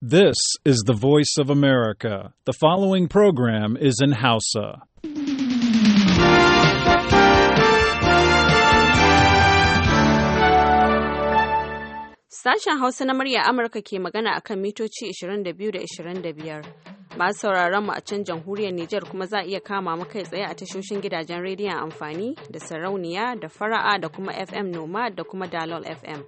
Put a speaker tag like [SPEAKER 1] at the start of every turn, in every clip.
[SPEAKER 1] This is the voice of America. The following program is in Hausa. Sashen Hausa na murya Amurka ke magana akan mitoci 22 da 25. Masu sauraron mu a can jamhuriyar Nijar kuma za iya kama mu kai tsaye a tashoshin gidajen rediyon amfani da sarauniya da fara'a da kuma FM Noma da kuma Dalol FM.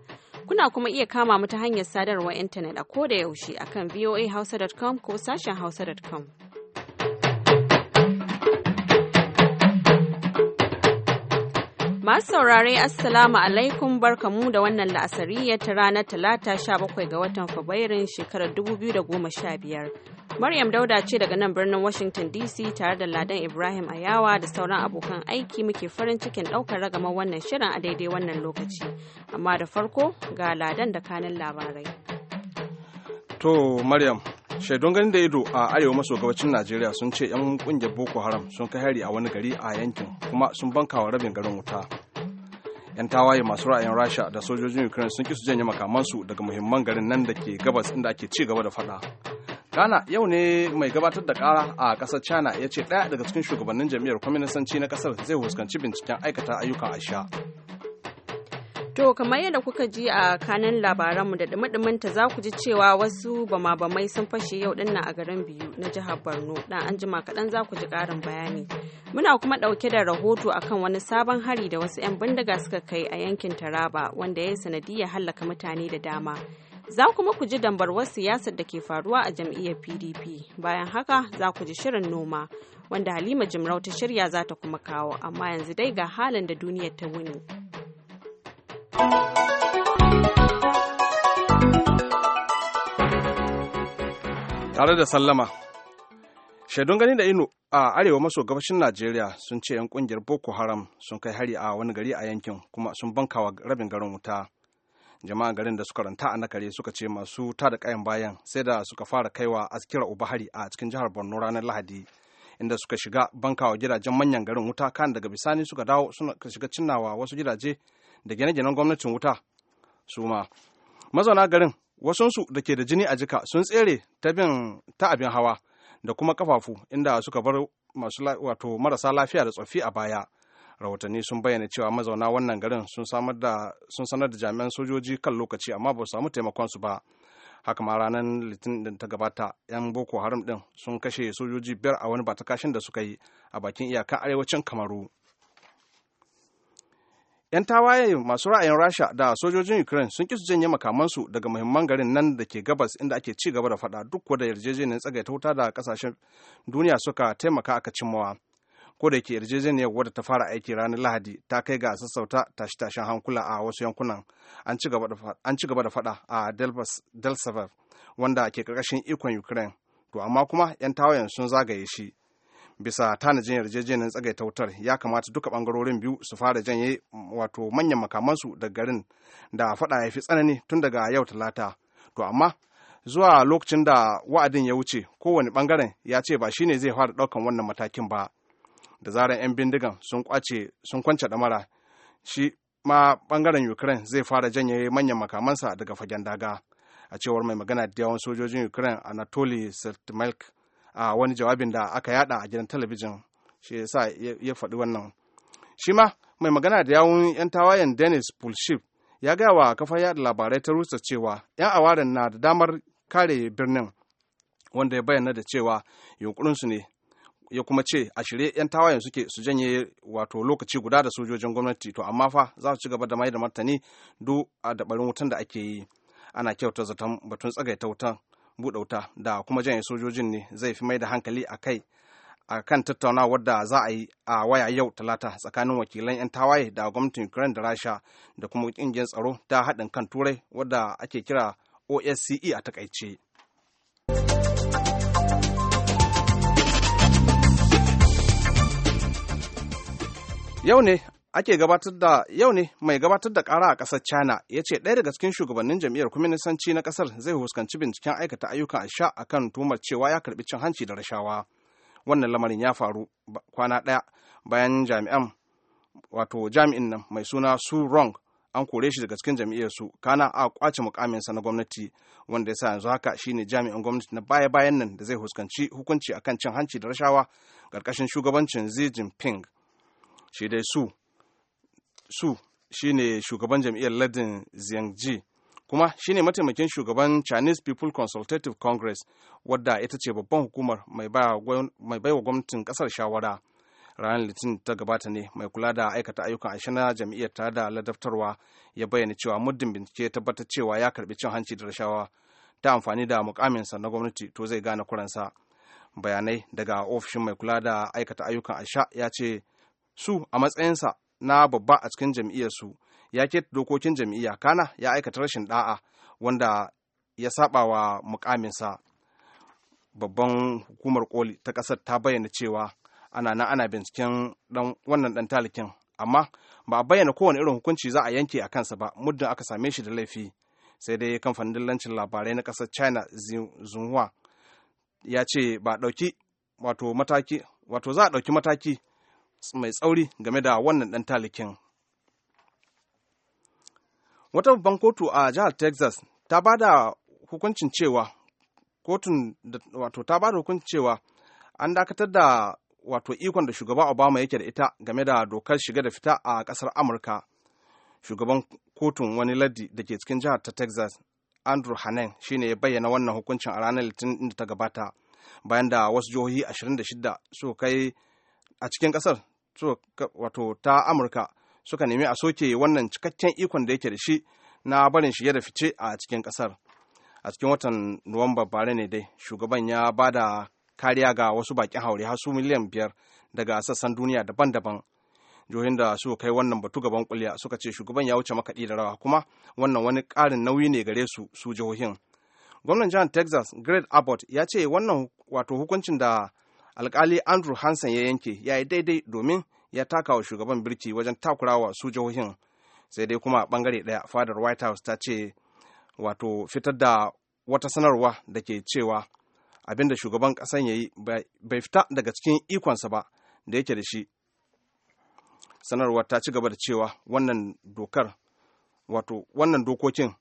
[SPEAKER 1] Kuna kuma iya kama mu ta hanyar sadarwar intanet a koda yaushe akan voahausa.com ko sashen hausa.com. Masu saurare Assalamu alaikum barkamu da wannan la'asari ta ranar talata bakwai ga watan Fabrairun shekarar da goma sha biyar Maryam Dauda ce daga nan birnin Washington DC tare da Ladan Ibrahim Ayawa da sauran abokan aiki muke farin cikin ɗaukar ragamar wannan shirin a daidai wannan lokaci. Amma da farko ga Ladan da kanin labarai.
[SPEAKER 2] To Maryam, shaidun ganin da ido a arewa maso gabacin najeriya sun ce 'yan kungiyar boko haram sun kai hari a wani gari a yankin kuma sun banka wa rabin garin wuta 'yan tawaye masu ra'ayin rasha da sojojin ukraine sun ki su janye makamansu daga muhimman garin nan da ke gabas inda ake ci gaba da fada ghana yau ne mai gabatar da kara a kasar china ya ce ɗaya daga cikin shugabannin jami'ar kwaminisanci na kasar zai fuskanci binciken aikata ayyukan asha
[SPEAKER 1] To kamar yadda kuka ji a kanan labaranmu da dumi ta za ku ji cewa wasu bama-bamai sun fashe yau dinnan a garin biyu na jihar Borno dan anjima kaɗan za ku ji ƙarin bayani. Muna kuma ɗauke da rahoto akan wani sabon hari da wasu 'yan bindiga suka kai a yankin Taraba wanda ya yi sanadiyar hallaka mutane da dama. Za kuma ku ji dambarwar siyasar da ke faruwa a jam'iyyar PDP. Bayan haka za ku ji shirin noma wanda Halima Jimrau ta shirya za ta kuma kawo amma yanzu dai ga halin da duniyar ta wuni.
[SPEAKER 2] Tare da sallama, shaidun gani da ino a arewa maso gabashin Najeriya sun ce 'yan kungiyar Boko Haram sun kai hari a wani gari a yankin kuma sun bankawa rabin garin wuta. Jama'an garin da suka ranta a nakare suka ce masu da kayan bayan sai da suka fara kaiwa askira uba hari a cikin jihar Borno ranar Lahadi. inda suka shiga bankawa gidajen manyan garin wuta kan daga bisani suka dawo suka shiga cinnawa wasu gidaje da gine-ginen gwamnatin wuta su ma mazauna garin wasunsu da ke da jini a jika sun tsere ta abin hawa da kuma kafafu inda suka bar masu wato marasa lafiya da tsoffi a baya rahotanni sun bayyana cewa mazauna wannan garin sun samar da sun sanar da jami'an sojoji kan lokaci amma ba su samu taimakon su ba haka ma ranar litinin da ta gabata yan boko haram ɗin sun kashe sojoji biyar a wani batakashin da suka yi a bakin iyakan arewacin kamaru 'yan tawaye masu ra'ayin rasha da sojojin ukraine sun ki su janye makamansu daga muhimman garin nan da ke gabas inda ake ci gaba da fada duk wadda yarjejeniyar tsagaita wuta da kasashen duniya suka taimaka aka cimmawa ko da ke yarjejeniyar wadda ta fara aiki ranar lahadi ta kai ga sassauta tashe-tashen hankula a wasu yankunan an ci gaba da fada a delsavar wanda ke karkashin ikon ukraine to amma kuma 'yan tawayen sun zagaye shi bisa tanajin yarjejeniyar ta wutar ya kamata duka bangarorin biyu su fara janye mm, wato manyan makamansu daga garin da fada ya fi tsanani tun daga yau talata to amma zuwa lokacin da wa'adin ya wuce kowane bangaren ya ce ba shine zai fara daukan wannan matakin ba da zaran 'yan bindigan sun kwace sun kwance damara shi ma bangaren ukraine zai fara janye manyan makamansa daga fagen daga a cewar mai magana da yawan sojojin ukraine anatoly seltmelk a wani jawabin da aka yada a gidan talabijin shi yasa ya faɗi wannan shi ma mai magana da yawun 'yan tawayen dennis pulship ya gaya wa kafar yada labarai ta rusa cewa 'yan awaren na da damar kare birnin wanda ya bayyana da cewa yunƙurinsu ne ya kuma ce a shirye 'yan tawayen suke su janye wato lokaci guda da sojojin gwamnati to amma fa za su ci gaba da mai da martani duk a dabarin wutan da ake yi ana kyauta zaton batun tsagaita wutan buɗe wuta da kuma janye sojojin ne zai fi mai da hankali a kai a kan tattauna da za a yi a waya yau talata tsakanin wakilan 'yan tawaye da gwamnatin ukraine da rasha da kuma ƙungiyar tsaro ta haɗin kan turai wadda ake kira osce a takaice yau ne ake gabatar da yau ne mai gabatar da kara a kasar china ya ce ɗaya daga cikin shugabannin jam'iyyar kwaminisanci na kasar zai huskanci binciken aikata ayyukan sha a kan tumar cewa ya karbi cin hanci da rashawa wannan lamarin ya faru kwana ɗaya bayan jami'an wato jami'in nan mai suna su rong an kore shi daga cikin jam'iyyar su kana a kwace mukaminsa na gwamnati wanda ya sa yanzu haka shine jami'in gwamnati na baya bayan nan da zai huskanci hukunci akan cin hanci da rashawa ƙarƙashin shugabancin xi jinping shi dai su su shine shugaban jam'iyyar ladin ziyangji kuma shine mataimakin shugaban chinese people consultative congress wadda ita ce babban hukumar mai baiwa gwamnatin kasar shawara ranar litinin ta gabata ne mai kula da aikata ayyukan aisha na jam'iyyar ta da ladabtarwa ya bayyana cewa muddin bincike ya tabbatar cewa ya karbi cin hanci da rashawa ta amfani da mukaminsa na gwamnati to zai gane kuransa bayanai daga ofishin mai kula da aikata ayyukan aisha ya ce su a matsayinsa na babba a cikin jam'iyyarsu ya ke dokokin jam'iyya kana ya aikata rashin da'a wanda ya saba wa mukaminsa babban hukumar koli ta kasar ta bayyana cewa ana nan ana binciken wannan dan talikin amma ba a bayyana kowane irin hukunci za a yanke a kansa ba muddin aka same shi da laifi sai dai kamfanin dillancin labarai na kasar china xinhua ya ce ba dauki wato mataki wato za a dauki mataki mai tsauri game da wannan ɗan talikin wata babban kotu a jihar texas ta ba da hukuncin cewa kotun wato ta ba da hukuncin cewa an dakatar da wato ikon da shugaba obama yake da ita game da dokar shiga da fita a kasar amurka shugaban kotun wani laddi da ke cikin jihar ta texas andrew hanen ne ya bayyana wannan hukuncin a ranar litinin da ta gabata bayan da wasu jihohi 26 suka kai a cikin ƙasar wato ta amurka suka nemi a soke wannan cikakken ikon da yake da shi na barin shige da fice a cikin kasar a cikin watan nuwamba bare ne dai shugaban ya ba da kariya ga wasu bakin haure har su miliyan biyar daga sassan duniya daban-daban jihohin da su kai wannan batu gaban kulya suka ce shugaban ya wuce makaɗi da rawa kuma wannan wani ƙarin nauyi ne gare su su jihohin gwamnan jihar texas greg abbott ya ce wannan wato hukuncin da alkali andrew hansen ya yanke ya yi daidai domin ya taka wa shugaban birki wajen takurawa su jihohin sai dai kuma bangare daya fadar white house ta ce wato fitar da wata sanarwa da ke cewa abinda shugaban kasan ya yi bai fita daga cikin ikonsa ba da yake da shi sanarwa ta ci gaba da cewa wannan dokar wato wannan dokokin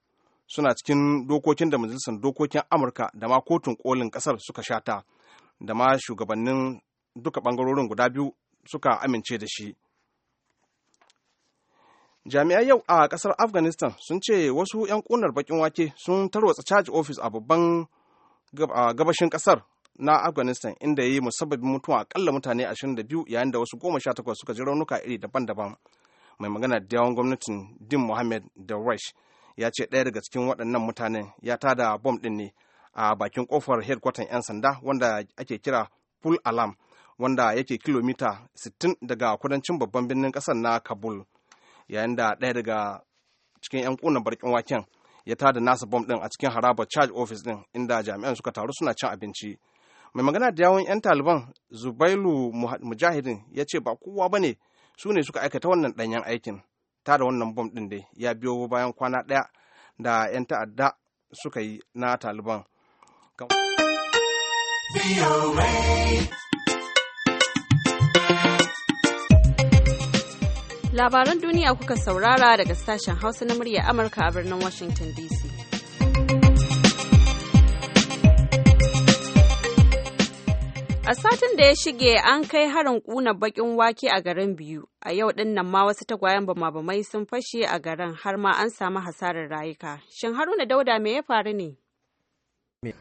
[SPEAKER 2] suna cikin dokokin da majalisar dokokin amurka da ma kotun kolin kasar suka shata da ma shugabannin duka bangarorin guda biyu suka amince da shi jami'ai yau a ƙasar afghanistan sun ce wasu 'yan ƙunar baƙin wake sun tarwatsa caji ofis a babban gabashin ƙasar na afghanistan inda ya yi musabbabin mutuwa akalla mutane 22 yayin da wasu 18 suka ji raunuka iri daban-daban mai magana da yawan gwamnatin din mohammed da ya ce ɗaya daga cikin waɗannan mutanen ya tada bom ɗin ne a bakin kofar headquarter 'yan sanda wanda ake kira full alarm wanda yake kilomita 60 daga kudancin babban birnin kasar na kabul yayin da ɗaya daga cikin 'yan kunan barkin waken ya tada nasa bom ɗin a cikin harabar charge office ɗin inda jami'an suka taru suna cin abinci mai magana da yawon 'yan taliban zubailu mujahidin ya ce ba kowa ba ne su ne suka aikata wannan ɗanyen aikin tada wannan bom ɗin dai ya biyo bayan kwana ɗaya da 'yan ta'adda suka yi na taliban
[SPEAKER 1] Labaran duniya kuka saurara daga sashen Hausa na murya Amurka a birnin Washington DC. A satin da ya shige an kai harin kuna bakin wake a garin biyu. A yau din nan ma wasu tagwayen bama-bamai sun fashe a garin har ma an samu hasarar rayuka. Shin Haruna Dauda me ya faru ne?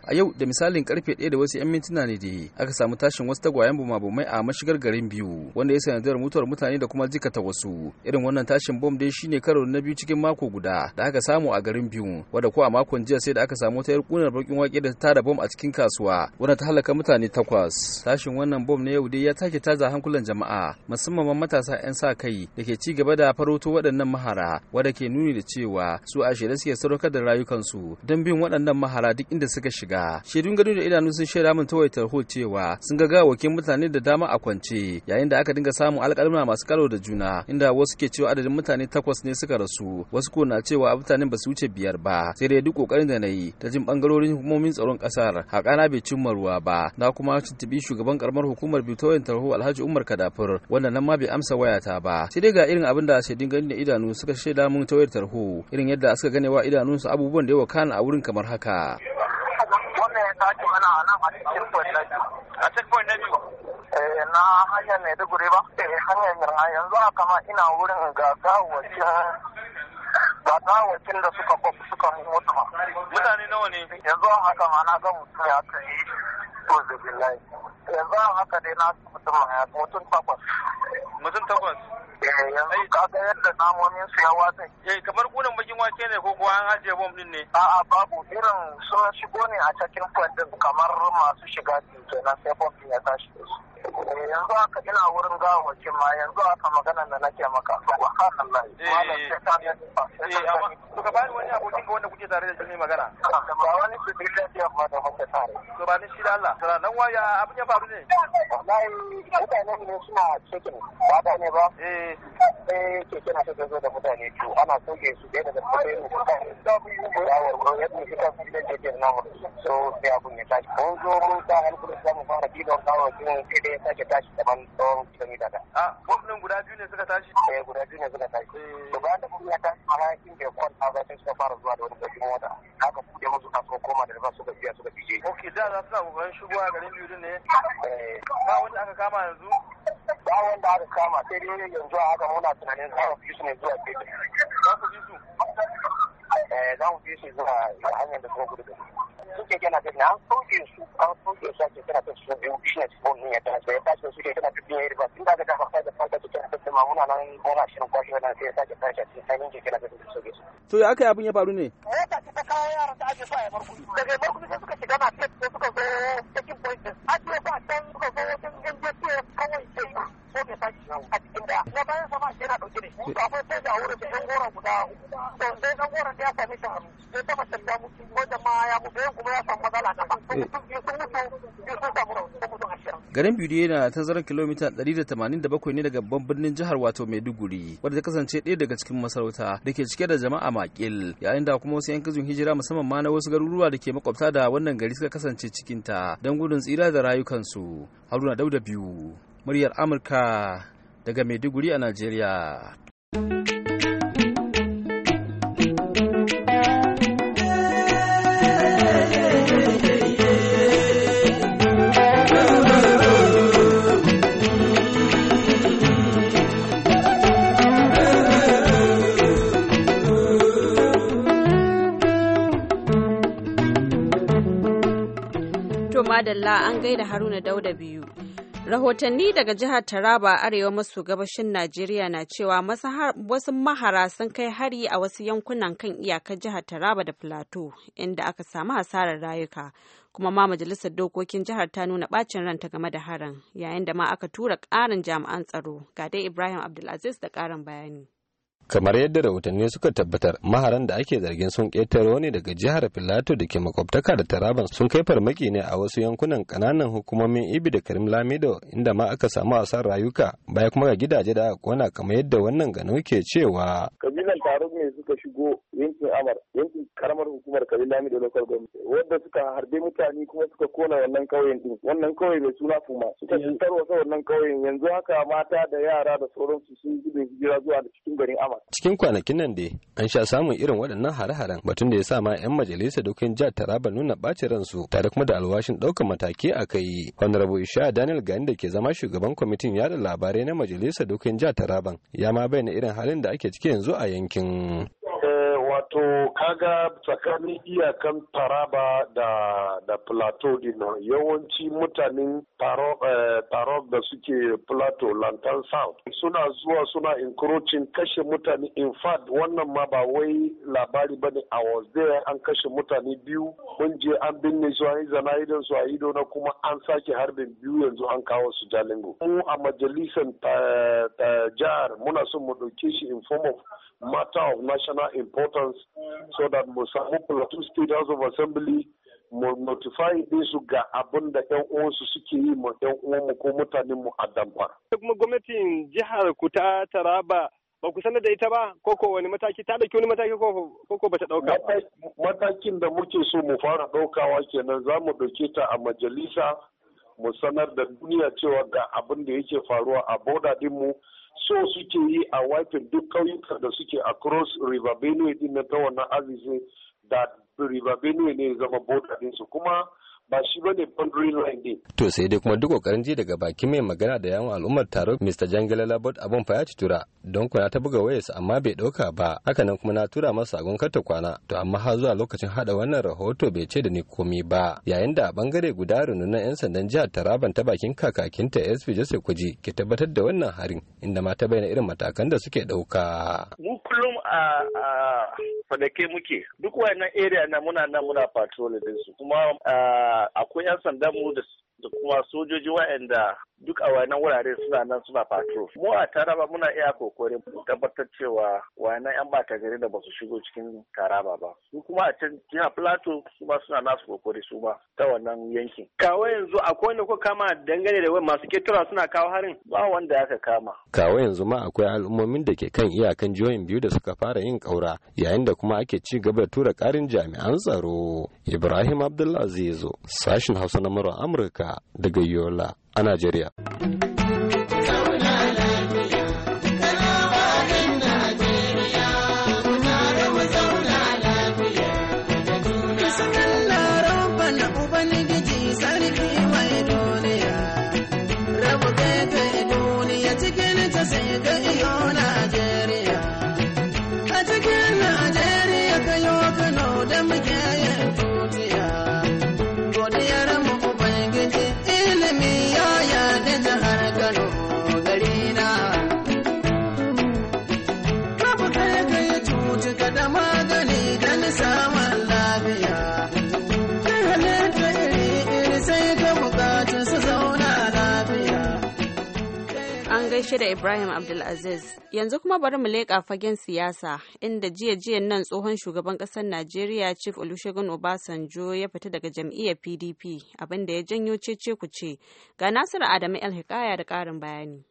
[SPEAKER 3] a yau da misalin karfe 1 da wasu 'yan mintuna ne da aka samu tashin wasu tagwayen bumabumai a mashigar garin biyu wanda ya sanadar mutuwar mutane da kuma jikata wasu irin wannan tashin bom dai shine karo na biyu cikin mako guda da aka samu a garin biyu wanda ko a makon jiya sai da aka samu ta kunar bakin wake da tara bom a cikin kasuwa wanda ta halaka mutane takwas tashin wannan bom na yau dai ya take taza hankulan jama'a musamman matasa 'yan sa kai da ke ci gaba da faroto waɗannan mahara wanda ke nuni da cewa su a shirye suke sadaukar da rayukansu don bin waɗannan mahara duk inda suka suka shiga shaidun gado da idanu sun shaida min tawai tarho cewa sun ga ga gawakin mutane da dama a kwance yayin da aka dinga samun alƙalma masu karo da juna inda wasu ke cewa adadin mutane takwas ne suka rasu wasu ko na cewa mutanen ba su wuce biyar ba sai dai duk kokarin da na ta jin bangarorin hukumomin tsaron kasar haƙana bai cimma ruwa ba na kuma tuntubi shugaban karamar hukumar bitoyin tarho alhaji umar kadafur wanda nan ma bai amsa wayata ba sai dai ga irin abin da shaidun gani da idanu suka shaida mun tawayar tarho irin yadda suka ganewa idanunsu abubuwan da yawa kana a wurin kamar haka. sace mana a nan a cikin point na biyu. A cikin point na biyu?
[SPEAKER 4] Eh na hanyar Maiduguri ba. Eh hanyar Mirna yanzu haka ma ina wurin ga gawacin ga gawacin da suka kwafi suka mutu ba. Mutane nawa ne? Yanzu haka ma na ga mutum ya kai to da billahi. Yanzu haka dai na mutum ya mutum takwas. mutum takwas eh, yanzu ka ga yadda namomin su ya wata eh kamar kunan bakin wake ne ko kuwa an ajiye bom din ne a'a babu irin suna shigo ne a cikin kwandon kamar masu shiga na sai bom ya tashi da su Eh, yanzu haka ina wurin gawawakin ma yanzu haka magana da nake maka subhanallah eh, malam sai ka eh, ne to ka bani wani abokin ka wanda kuke tare da shi ne magana ba wani su bi lafiya ba da muke tare to ba ni shi da Allah sara nan waya abin ya faru ne wallahi mutane ne suna cikin ba da ne ba eh eh ke kina ta da mutane biyu ana ke su da da mutane ne da yawar ko ya mutu kan gidan jirgin namu so sai abun ya tashi mun zo mun ta halkuru zamu fara bidon gawawakin sai sai ya sake tashi daban tsawon kilomita da. A gwamnan guda biyu ne suka tashi? Eh guda biyu ne suka tashi. Eh. To bayan da gwamnan ya tashi a hayakin bai kwanta ba sai suka fara zuwa da wani bakin mota. Haka kuɗe musu kaso koma da ba suka biya suka fice. Ok da za su na kokarin shigowa garin biyu ne. Eh. Ba wani aka kama yanzu? Ba wanda aka kama sai dai yanzu a haka muna tunanin za mu fi su ne zuwa gefe. Za ku fi su? Eh za mu fi su zuwa hanyar da suka gudu da su. suke yana gani an sauke su an sauke su ake tana tafiya biyu shi ne ne ya tana tsaye tashi su ke tana tafiya yadda ba sun da daga da su tana mamuna nan kwashe wannan sai ya sake a cikin sanin ke tana tafiya sauke su.
[SPEAKER 3] to ya aka yi abin ya faru ne. mota eh, ce
[SPEAKER 4] ta kawo yaran ta ajiye su a yabar kudu daga yabar sai suka shiga na fiye suka zo point din ba can suka zo wajen
[SPEAKER 3] garin bidiyo yana dauke da shi da wurin da ya tazarar kilomita 187 ne daga babban birnin jihar wato Maiduguri wadda ta kasance ɗaya daga cikin masarauta da ke cike da jama'a makil yayin da kuma wasu 'yan gizon hijira musamman ma na wasu garuruwa da ke makwabta da wannan gari suka kasance cikinta don gudun tsira da rayukansu haruna dauda biyu muryar amurka daga Maiduguri a Najeriya.
[SPEAKER 1] To madalla an gaida Haruna Dauda biyu. Rahotanni daga jihar Taraba arewa maso gabashin Najeriya na cewa wasu mahara sun kai hari a wasu yankunan kan iyakar jihar Taraba da Plateau inda aka samu hasarar rayuka. Kuma ma majalisar dokokin jihar ta nuna bacin ranta game da harin yayin da ma aka tura ƙarin jami'an tsaro. Ga dai Ibrahim Abdulaziz da ƙarin bayani.
[SPEAKER 5] kamar yadda rahotanni suka tabbatar maharan da ake zargin sun ƙetaro ne daga jihar filato da ke makwabtaka da taraban sun kai farmaki ne a wasu yankunan kananan hukumomin ibi da karim lamido inda ma aka samu asar rayuka baya kuma ga gidaje da aka kona kamar yadda wannan gano ke cewa
[SPEAKER 6] kabilan taruk ne suka shigo yankin amar yankin karamar hukumar kabila kabilami da local government wadda suka harbe mutane kuma suka kona wannan kauyen din wannan kauye mai suna fuma suka cutar wasa wannan kauyen yanzu haka mata da yara da sauransu sun gudun hijira zuwa da cikin garin amar
[SPEAKER 5] cikin kwanakin nan dai an sha samun irin waɗannan hare-haren batun da ya sa ma 'yan majalisa dokin jihar taraba nuna ɓaci ransu tare kuma da alwashin ɗaukar mataki a kai wani rabu isha daniel gani da ke zama shugaban kwamitin yada labarai na majalisa dokin jihar taraban ya ma bayyana irin halin da ake ciki yanzu a yankin
[SPEAKER 6] Wato kaga tsakanin iyakan Taraba da da Plateau din yawanci mutanen eh, Tarok da suke Plateau Lantan South suna zuwa suna encroaching kashe mutane in fact wannan ma ba wai labari ba ne a was there an kashe mutane biyu mun je an binne su an yi zana idon su a ido na kuma an sake harbin biyu yanzu an kawo su jalingo. Mu a majalisar eh, eh, jihar muna son mu ɗauke shi in form of matter of national importance elections so that mu samu plateau state house of assembly mu notify su ga abin da yan uwansu suke yi ma yan uwanmu ko mutanen mu a damfara.
[SPEAKER 5] kuma gwamnatin jihar ku ta taraba ba ku sanar da ita ba ko ko wani mataki ta dauki wani mataki ko ko bata dauka matakin
[SPEAKER 6] da muke so mu fara daukawa kenan za mu dauke ta a majalisa mu sanar da duniya cewa ga abin da yake faruwa a boda dinmu so suke yi a wafin duk ƙauyuka da suke a cross river benue din na ta wannan azizi da river benue ne zama boda dinsu kuma ba shi bane boundary line din.
[SPEAKER 5] To sai dai kuma duk kokarin ji daga baki mai magana da yawan al'ummar taro Mr. Jangala Labot abun fa ya ci tura don kuna ta buga su, amma bai dauka ba haka nan kuma na tura masa agon karta kwana to amma har zuwa lokacin hada wannan rahoto bai ce da ni komai ba yayin da a bangare guda rundunar yan sandan jihar Taraban ta bakin kakakinta SP Joseph Kuji ke tabbatar da wannan harin inda ma ta bayyana irin matakan da suke dauka.
[SPEAKER 4] Mu kullum a fadake muke duk wayannan area na muna nan muna patrol din su kuma ah, akwai yan sandan mu da kuma sojoji wayanda duk a wannan wurare suna nan suna patro mu a taraba muna iya kokarin tabbatar cewa wayannan yan bata gari da basu shigo cikin taraba ba su kuma a can jiha plato su ma suna nasu kokari su ba. ta wannan yankin kawo yanzu akwai wanda ko kama dangane da masu ketura suna kawo harin ba wanda aka kama
[SPEAKER 5] kawo yanzu ma akwai al'ummomin da ke kan iyakan jihohin biyu da suka fara yin kaura yayin da kuma ake ci gaba da tura karin jami'an tsaro ibrahim Abdullahi Zia-zo, sashin hausa na amurka daga yola a Najeriya.
[SPEAKER 1] gaishe da Ibrahim Abdulaziz. Yanzu kuma bari mu leƙa fagen siyasa inda jiya jiyan nan tsohon shugaban ƙasar Najeriya Chief Olusegun Obasanjo ya fita daga jam'iyyar PDP abinda ya janyo cece ku ce. Ga Nasiru Adamu El Hikaya da ƙarin bayani.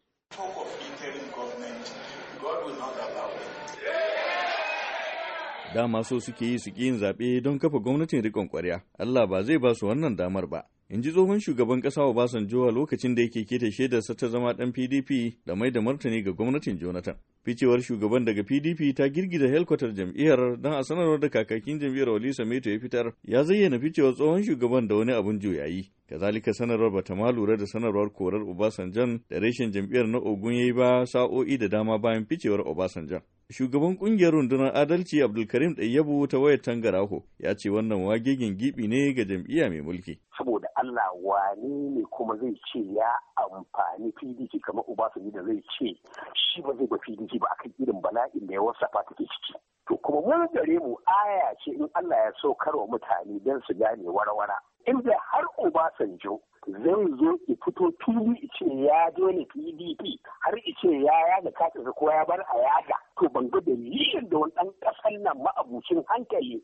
[SPEAKER 7] Dama so suke yi su ƙi yin zaɓe don kafa gwamnatin riƙon ƙwarya. Allah ba zai ba su wannan damar ba. in ji tsohon shugaban ƙasa Obasanjo a lokacin da yake keta sa ta zama ɗan PDP da mai da martani ga gwamnatin Jonathan. Ficewar shugaban daga PDP ta girgiza helkwatar jam'iyyar don a sanarwar da kakakin jam'iyyar Wali Sameto ya fitar ya zayyana ficewar tsohon shugaban da wani abin juyayi. Kazalika sanarwar bata ma lura da sanarwar korar Obasanjan da reshen jam'iyyar na Ogun ya yi ba sa'o'i da dama bayan ficewar Obasanjan. Shugaban kungiyar rundunar adalci Abdulkarim Ɗayyabu ta wayar Tangaraho ya ce wannan wagegin gibi ne ga jam'iyya mai mulki.
[SPEAKER 4] Saboda Allah wani ne kuma zai ce ya amfani PDP kamar Obasanjo da zai ce shi ba zai ba PDP ba akan irin bala'in da ya safa take ciki. To kuma wani gare mu aya ce in Allah ya saukar wa mutane don su gane wara-wara. Inda har Obasanjo zai zo ya fito fili ce ya dole pdp har ice ya yaga kasa ko ya bar a yaga to ban ga dalilin da wani ɗan kasan nan ma'abucin hankali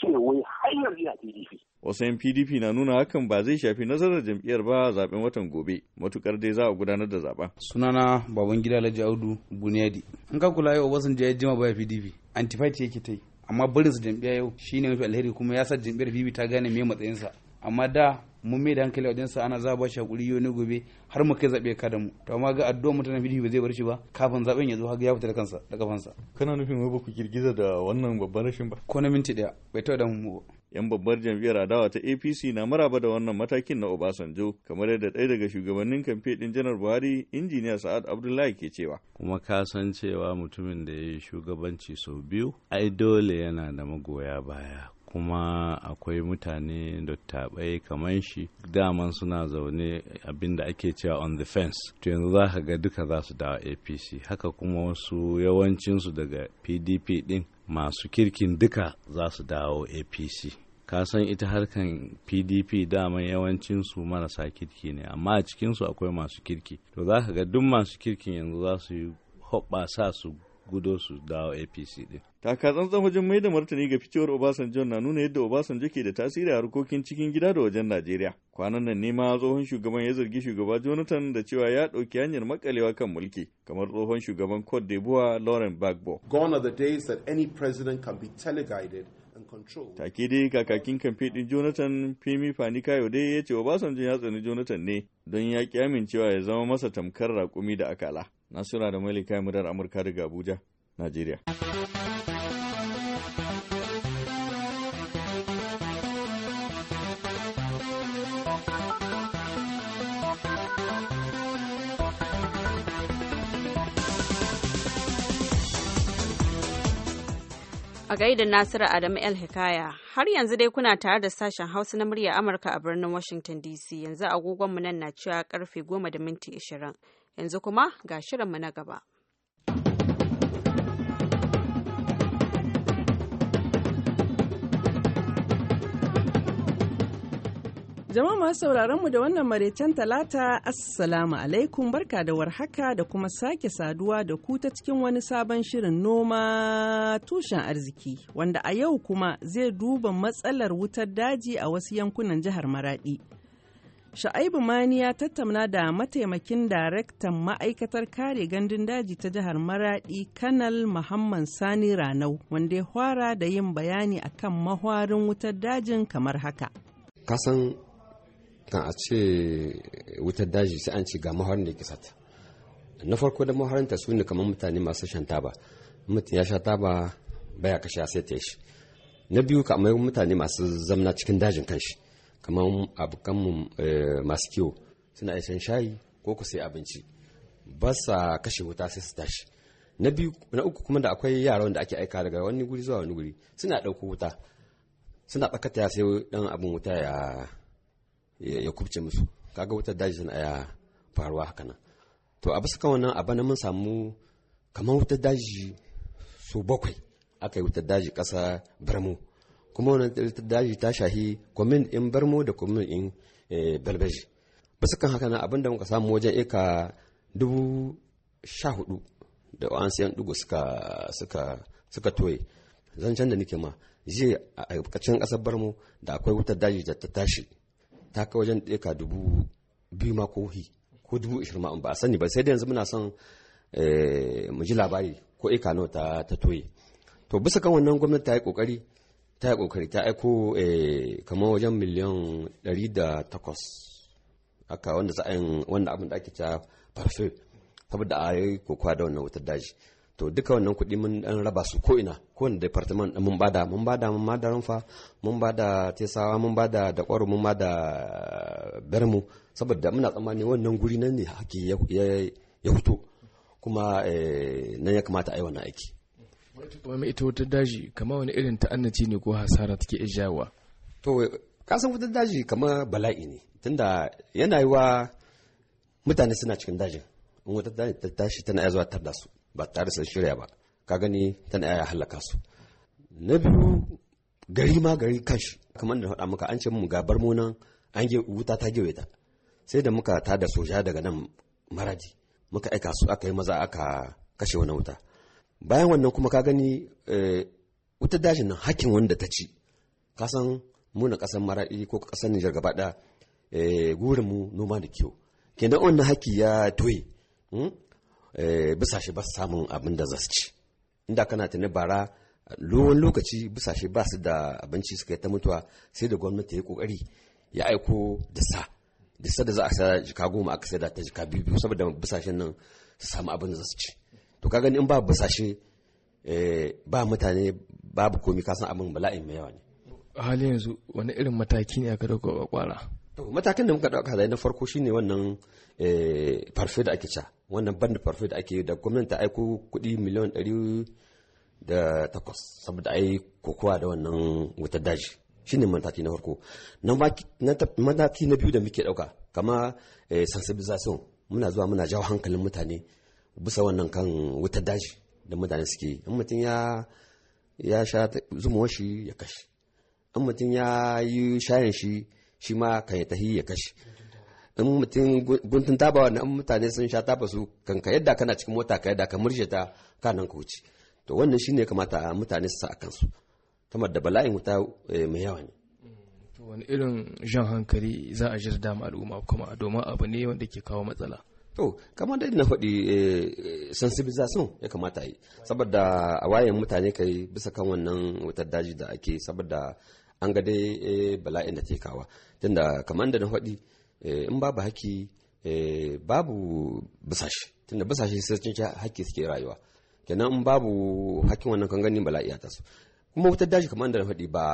[SPEAKER 4] ce wai har yanzu na pdp
[SPEAKER 7] wasu 'yan pdp na nuna hakan ba zai shafi nasarar jam'iyyar ba zaben watan gobe matukar dai za a gudanar da zaben sunana baban gida alhaji
[SPEAKER 3] audu buniyadi in ka kula yau wasan ya jima ba pdp antifati yake ta yi amma barinsa jam'iyyar yau shine mafi alheri kuma ya sa jam'iyyar pdp ta gane me matsayinsa amma da mun mai da hankali wajen sa ana zaba shi hakuri yau ne gobe har mu kai zabe ka da mu to amma ga addu'a mutane PDP ba zai bar shi ba kafin zaben ya zo har ya fita da kansa
[SPEAKER 7] da kafansa kana nufin wai ba ku girgiza da wannan babban rashin ba ko na minti daya bai taɓa da mu ba 'yan babbar jam'iyyar adawa ta apc na maraba da wannan matakin na obasanjo kamar yadda ɗaya daga shugabannin kamfe ɗin janar buhari injiniya sa'ad abdullahi ke cewa kuma ka san cewa mutumin da ya yi shugabanci sau biyu ai dole yana da magoya baya kuma akwai mutane da tabai kamar shi daman suna zaune abinda ake cewa on the fence to yanzu za ka ga duka za su dawo apc haka kuma wasu yawancinsu daga pdp din masu kirkin duka za su dawo apc ka san ita harkan pdp daman yawancinsu marasa kirki ne amma a cikinsu akwai masu kirki to za ka ga duk masu kirkin yanzu za su yi hoɓɓasa su gudo su dawo apc din takatsantsan wajen mai da martani ga fitowar obasanjo na nuna yadda obasanjo ke da tasiri a harkokin cikin gida da wajen najeriya kwanan nan nema tsohon shugaban ya zargi shugaba jonathan da cewa ya ɗauki hanyar makalewa kan mulki kamar tsohon shugaban cote d'ivoire lauren bagbo. gone are the
[SPEAKER 2] days that any president can be teleguided
[SPEAKER 7] Take dai kakakin kamfe din Jonathan Femi Fani Kayo dai ya ce Obasanjo ya tsani Jonathan ne don ya ƙi amincewa ya zama masa tamkar raƙumi da akala. Nasura da Malika Murar Amurka daga Abuja, Najeriya.
[SPEAKER 1] a gaida Nasiru Adamu El Hikaya. Har yanzu dai kuna tare da sashen Hausa na murya Amurka a birnin Washington DC yanzu agogonmu nan na cewa karfe goma da minti ashirin Yanzu kuma ga shirinmu na gaba.
[SPEAKER 8] Jama'a masu sauraron mu da wannan maraicen talata assalamu alaikum barka da warhaka da kuma sake saduwa da ku ta cikin wani sabon shirin noma tushen arziki wanda a yau kuma zai duba matsalar wutar daji a wasu yankunan jihar Maradi. Sha'aibu Mani ya tattauna da mataimakin daraktan ma'aikatar kare gandun daji ta jihar Maradi Kanal Muhammad Sani Ranau wanda ya fara da yin bayani akan mahwarin wutar dajin kamar haka.
[SPEAKER 9] Kasan kan a ce wutar daji sai an ce ga mahwarin da ke sata. Na farko da mahwarinta su ne kamar mutane masu shan taba. Mutum ya sha taba baya kashe sai ta shi. Na biyu kamar mutane masu zamna cikin dajin kanshi. kamar abokanmu eh, masu kyau suna isan shayi ko ku sai abinci ba sa kashe wuta sai su tashi na biyu na uku kuma da akwai yara wanda ake aika daga wani guri zuwa wani guri suna ɗauko wuta suna tsakata ya sai ɗan abin wuta ya ya kubce musu kaga wutar daji suna ya faruwa haka nan to a bisa kan wannan a bana mun samu kamar wutar daji su bakwai aka yi wutar daji ƙasa birmo kuma wannan daji ta shahi kwamin in barmo da kwamin in eh, ba su kan haka na abinda muka samu wajen eka dubu sha hudu da an sayan dugu suka toye zancen da nike ma je a aikacin kasar barmo da akwai wutar daji da ta tashi ta kai wajen eka dubu biyu ma ko ko dubu ishirin ma ba a sani ba sai da yanzu muna son eh, mu ji labari ko eka nawa ta toye to bisa kan wannan gwamnati ta yi kokari ta yi kokari ta aiko eh, kamar wajen miliyan 108 aka wanda za a yin wanda abin da ake ta parfum saboda a yi kokowa da wannan wutar daji to duka wannan kuɗi mun dan raba su ko ina ko wanda department mun bada mun bada mun bada rumfa mun bada tesawa mun bada da ƙwaro mun bada bermu saboda muna tsammani wannan guri nan ne hakki ya fito kuma eh, nan ya kamata a yi wannan aiki kuma ita wani irin ta'annaci ne ko hasara take ijawa to kasan wutar daji kama bala'i ne tunda yana yi wa mutane suna cikin daji in wata daji ta tashi tana iya zuwa tar da su ba tare san shirya ba ka gani tana iya halaka su na biyu gari ma gari kashi kamar da faɗa muka an ce mu gabar mu an ge wuta ta gewe sai da muka da soja daga nan maradi muka aika su aka yi maza aka kashe wani wuta bayan wannan kuma ka gani eh, wuta dajin nan hakin wanda ta ci kasan muna kasan maraɗi ko kasan nijar gaba da eh, gurin mu noma da kyau kenan wannan haki ya toye hmm? eh, bisa shi ba samun abin da zasu ci inda kana tuni bara lowan lokaci bisa shi ba su da abinci suka yi ta mutuwa sai da gwamnati ya kokari ya aiko da sa da sa da za a sa jika goma aka sai da ta jika biyu saboda bisashen nan su samu abin da zasu ci to ka gani in ba basashe eh, ba mutane babu komi kasan abin bala'in mai yawa ne
[SPEAKER 3] hali yanzu wani irin mataki ne aka dauka kwara
[SPEAKER 9] to matakin da muka dauka da na farko shine wannan eh, farfe da ake ca wannan bandu farfe da ake da gwamnati ta aiko kuɗi miliyan ɗari da takwas saboda ai kokowa da wannan wutar daji shine mataki na farko mataki na biyu da muke dauka kama eh, sensibilisation muna zuwa muna jawo hankalin mutane bisa wannan kan wutar daji da mutane suke in mutum ya ya sha zumuwar shi ya kashe in mutum ya yi shayin shi shi ma kan ya tahi ya kashe in mutum guntun taba wannan in mutane sun sha taba su kan ka yadda kana cikin mota ka yadda ka murje ta ka nan ka wuce to wannan shine kamata mutane su sa a kansu kamar da bala'in wuta eh, mai yawa ne
[SPEAKER 3] to wani irin jan hankali za a jirda ma al'umma kuma domin abu ne wanda ke kawo matsala
[SPEAKER 9] To, kamar da na faɗi eh, eh, sensibilisation ya kamata yi, saboda a wayan mutane kai bisa kan wannan wutar daji da ake saboda an ga dai eh, bala'in da tekawa. Tunda kamar da na faɗi in babu haki babu bisashe, tunda bisashe sai cin haki suke rayuwa. Kenan in babu hakin wannan kan gani bala'i ya taso. Kuma wutar daji kamar da na faɗi ba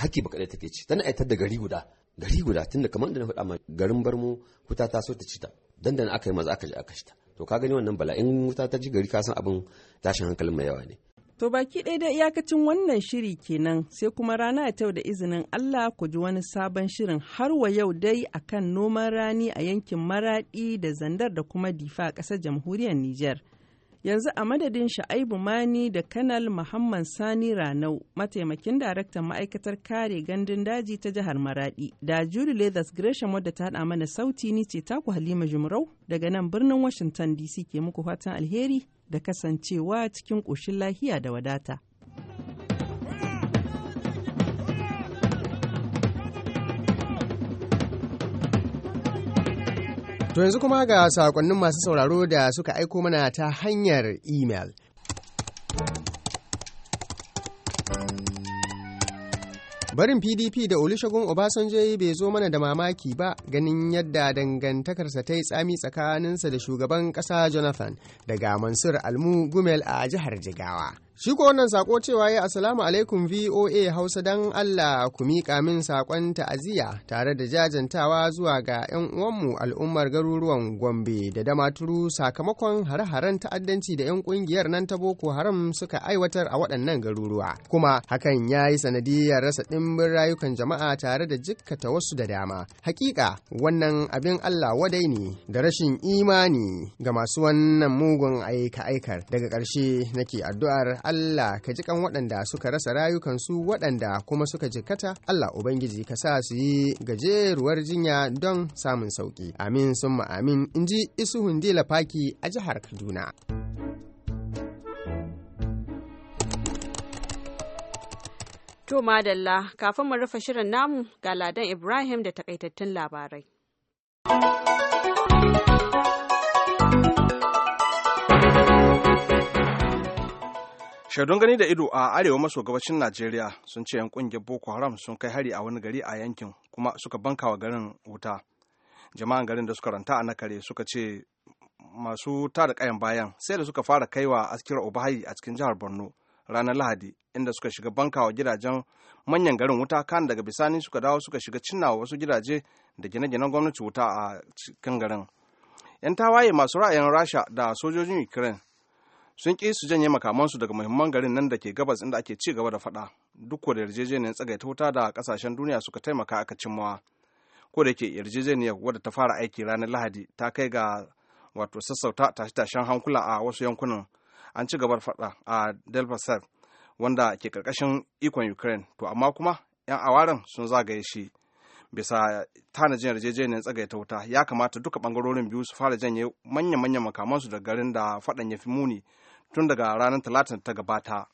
[SPEAKER 9] haki ba kaɗai take ci, tana aitar da gari guda. gari guda tunda kamar da na faɗa ma garin barmo wuta ta so ta ci ta dandan aka yi maza aka ji aka ci ta to ka gani wannan bala in wuta ta ji gari ka san abin tashin hankalin mai yawa ne
[SPEAKER 8] To baki ɗaya da iyakacin wannan shiri kenan sai kuma rana ta da izinin Allah ku ji wani sabon shirin har wa yau dai a kan noman rani a yankin Maraɗi da Zandar da kuma Difa a ƙasar jamhuriyar Nijar. yanzu a madadin sha'aibu mani da kanal muhammad sani ranau mataimakin daraktan ma'aikatar kare gandun daji ta jihar maradi da julie leathers gresham wadda ta haɗa mana sauti ni ce taku halima jumrau daga nan birnin washington dc ke muku fatan alheri da kasancewa cikin ƙoshin lahiya da wadata
[SPEAKER 10] To yanzu kuma ga sakonnin masu sauraro da suka aiko mana ta hanyar email. Barin PDP da Olusegun Obasanjo bai zo mana da mamaki ba ganin yadda dangantakarsa ta yi tsami tsakaninsa da shugaban ƙasa Jonathan daga Mansur Almu Gumel a jihar Jigawa. Shi ko wannan sako cewa ya asalamu alaikum VOA Hausa don Allah ku miƙa min sakon ta'aziyya tare da jajantawa zuwa ga 'yan uwanmu al'ummar garuruwan Gombe da Damaturu sakamakon hare-haren ta'addanci da 'yan ƙungiyar nan ta Boko Haram suka aiwatar a waɗannan garuruwa. Kuma hakan ya yi sanadiyar rasa ɗimbin rayukan jama'a tare da jikkata wasu da dama. Hakika wannan abin Allah wadai ne da rashin imani ga masu wannan mugun aika-aikar. Daga ƙarshe nake addu'ar Allah ka ji kan waɗanda suka rasa rayukansu waɗanda kuma suka jikata Allah Ubangiji ka sa su yi gajeruwar jinya don samun sauƙi. Amin summa amin in ji isu Dila lafaki a jihar Kaduna.
[SPEAKER 1] To madalla kafin mu rufe shirin namu ga Ladan Ibrahim da takaitattun labarai.
[SPEAKER 2] shaidun gani da ido a arewa maso gabashin najeriya sun ce 'yan kungiyar boko haram sun kai hari a wani gari a yankin kuma suka banka wa garin wuta jama'an garin da suka ranta a nakare suka ce masu tada kayan bayan sai da suka fara kaiwa askira obahayi a cikin jihar borno ranar lahadi inda suka shiga banka wa gidajen manyan garin wuta kan daga bisani suka dawo suka shiga cinnawa wasu gidaje da gine-ginen gwamnati wuta a cikin garin 'yan tawaye masu ra'ayin rasha da sojojin ukraine sun ƙi su janye makamansu daga muhimman garin nan da ke gabas inda ake ci gaba da faɗa duk da yarjejeniyar tsagaita wuta da ƙasashen duniya suka taimaka aka cimmawa ko da ke yarjejeniyar wadda ta fara aiki ranar lahadi ta kai ga wato sassauta tashe-tashen hankula a wasu yankunan an ci gaba faɗa a delpasar wanda ke ƙarƙashin ikon ukraine to amma kuma 'yan awaren sun zagaye shi bisa tanajin yarjejeniyar tsagaita wuta ya kamata duka bangarorin biyu su fara janye manya-manyan makamansu da garin da faɗan ya fi muni tun daga ranar talatin ta gabata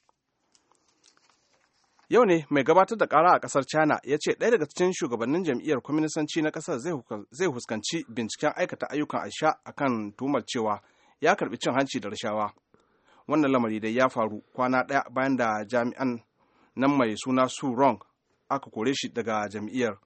[SPEAKER 2] yau ne mai gabatar da kara a kasar china ya ce ɗaya daga cikin shugabannin jam'iyyar kwaminisanci na kasar zai huskanci binciken aikata ayyukan aisha a kan tumar cewa ya karbi cin hanci da rashawa wannan lamari dai ya faru kwana ɗaya bayan da jami'an nan mai suna su rong aka kore shi daga jam'iyyar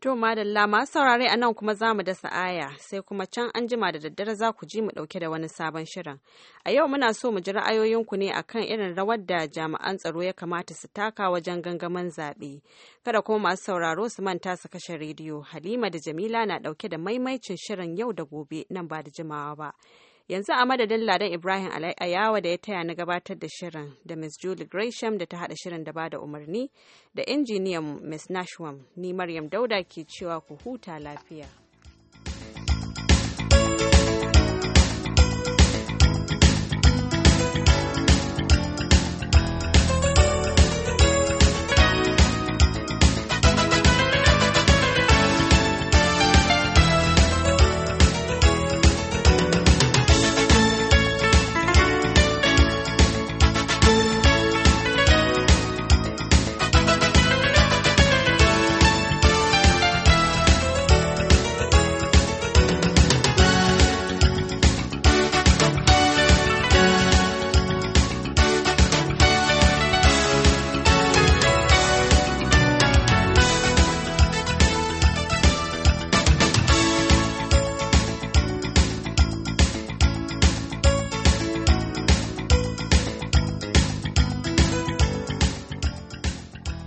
[SPEAKER 1] To madalla masu saurare a nan kuma zamu mu dasa aya sai kuma can an jima da daddare za ku ji mu ɗauke da wani sabon shirin. A yau muna so mu ji ra'ayoyinku ne kan irin rawar da jami'an tsaro ya kamata su taka wajen gangamin zaɓe. Kada kuma masu sauraro su manta su kashe rediyo. Halima da Jamila na ɗauke da maimaicin shirin yau da gobe nan ba da jimawa ba. yanzu a madadin ladan ibrahim ayawa da ya taya na gabatar da shirin da miss julie gresham da ta hada shirin da bada umarni da injiniyan miss nashwam ni maryam dauda ke cewa ku huta lafiya